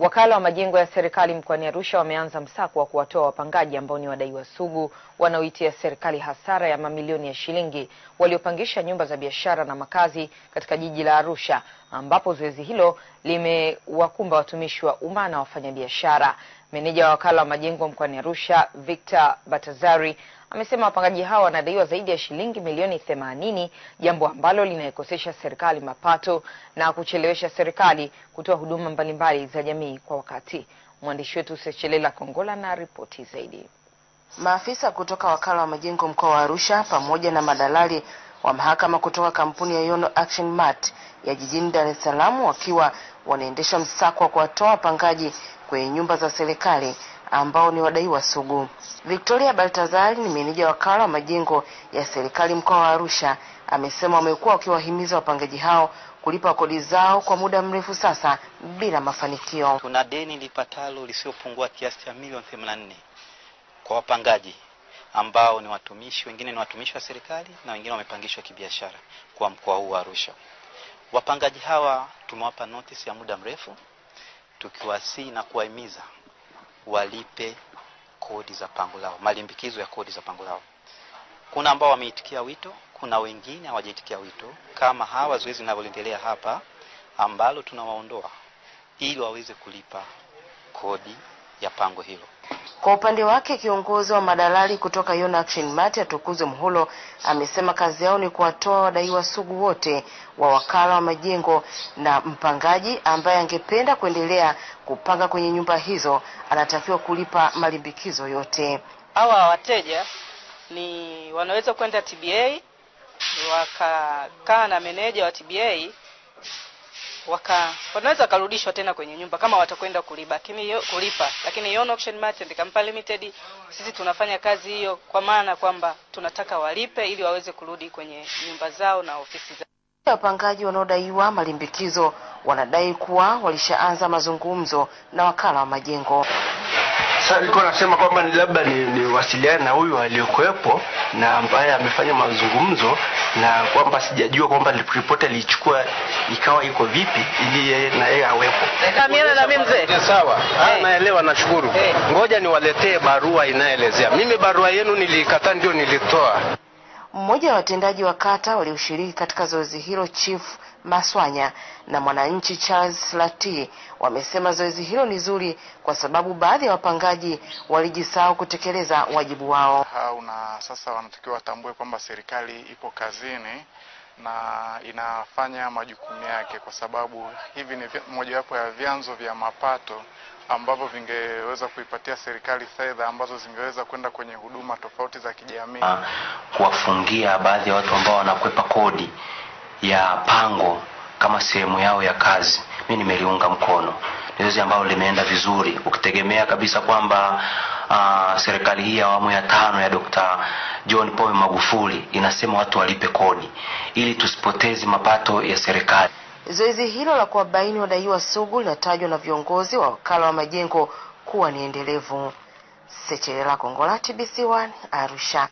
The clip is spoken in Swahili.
Wakala wa majengo ya serikali mkoani Arusha wameanza msako wa kuwatoa wapangaji ambao ni wadaiwa sugu wanaoitia serikali hasara ya mamilioni ya shilingi waliopangisha nyumba za biashara na makazi katika jiji la Arusha, ambapo zoezi hilo limewakumba watumishi wa umma na wafanyabiashara. Meneja wa wakala wa majengo mkoani Arusha Victor Batazari amesema wapangaji hao wanadaiwa zaidi ya shilingi milioni themanini, jambo ambalo linaikosesha serikali mapato na kuchelewesha serikali kutoa huduma mbalimbali za jamii kwa wakati. Mwandishi wetu Sechelela Kongola na ripoti zaidi. Maafisa kutoka wakala wa majengo mkoa wa Arusha pamoja na madalali wa mahakama kutoka kampuni ya Yono Action Mart ya jijini Dar es Salaam wakiwa wanaendesha msako wa kuwatoa wapangaji kwenye nyumba za serikali ambao ni wadaiwa sugu. Victoria Baltazari ni meneja wakala wa majengo ya serikali mkoa wa Arusha, amesema wamekuwa wakiwahimiza wapangaji hao kulipa kodi zao kwa muda mrefu sasa bila mafanikio. Tuna deni lipatalo lisiopungua kiasi cha milioni 84 kwa wapangaji ambao ni watumishi, wengine ni watumishi wa serikali na wengine wamepangishwa kibiashara kwa mkoa huu wa Arusha. Wapangaji hawa tumewapa notisi ya muda mrefu tukiwasii na kuwahimiza walipe kodi za pango lao, malimbikizo ya kodi za pango lao. Kuna ambao wameitikia wito, kuna wengine hawajaitikia wito, kama hawa zoezi linaloendelea hapa ambalo tunawaondoa ili waweze kulipa kodi ya pango hilo. Kwa upande wake kiongozi wa madalali kutoka Yona Action Mati Atukuze Mhulo amesema kazi yao ni kuwatoa wadaiwa sugu wote wa wakala wa majengo, na mpangaji ambaye angependa kuendelea kupanga kwenye nyumba hizo anatakiwa kulipa malimbikizo yote. Hawa wateja ni wanaweza kwenda TBA wakakaa na meneja wa TBA waka wanaweza wakarudishwa tena kwenye nyumba kama watakwenda kulipa, lakini kulipa lakini Yon Auction Merchant Kampala Limited sisi tunafanya kazi hiyo kwa maana kwamba tunataka walipe ili waweze kurudi kwenye nyumba zao na ofisi zao. Wapangaji wanaodaiwa malimbikizo wanadai kuwa walishaanza mazungumzo na wakala wa majengo. Sasa alikuwa nasema kwamba ni labda ni ni na huyu aliyokuwepo na ambaye amefanya mazungumzo, na kwamba sijajua kwamba ripoti alichukua ikawa iko vipi, ili yeye na yeye awepo. Kamiana na mimi mzee, sawa. Hey. Ah, eh. Naelewa, nashukuru. Hey. Eh. Ngoja niwaletee barua inaelezea. Mimi barua yenu niliikataa, ndio nilitoa. Mmoja wa watendaji wa kata walioshiriki katika zoezi hilo Chief Maswanya na mwananchi Charles Lati wamesema zoezi hilo ni zuri kwa sababu baadhi ya wapangaji walijisahau kutekeleza wajibu wao. na sasa wanatakiwa watambue kwamba serikali ipo kazini na inafanya majukumu yake, kwa sababu hivi ni mojawapo ya vyanzo vya mapato ambavyo vingeweza kuipatia serikali fedha ambazo zingeweza kwenda kwenye huduma tofauti za kijamii, ah, kuwafungia baadhi ya watu ambao wanakwepa kodi ya pango kama sehemu yao ya kazi, mi nimeliunga mkono. Ni zoezi ambalo limeenda vizuri, ukitegemea kabisa kwamba uh, serikali hii ya awamu ya tano ya Dr. John Pombe Magufuli inasema watu walipe kodi ili tusipoteze mapato ya serikali. Zoezi hilo la kuwabaini wadaiwa sugu linatajwa na viongozi wa wakala wa majengo kuwa ni endelevu. Sechelela Kongola, TBC1 Arusha.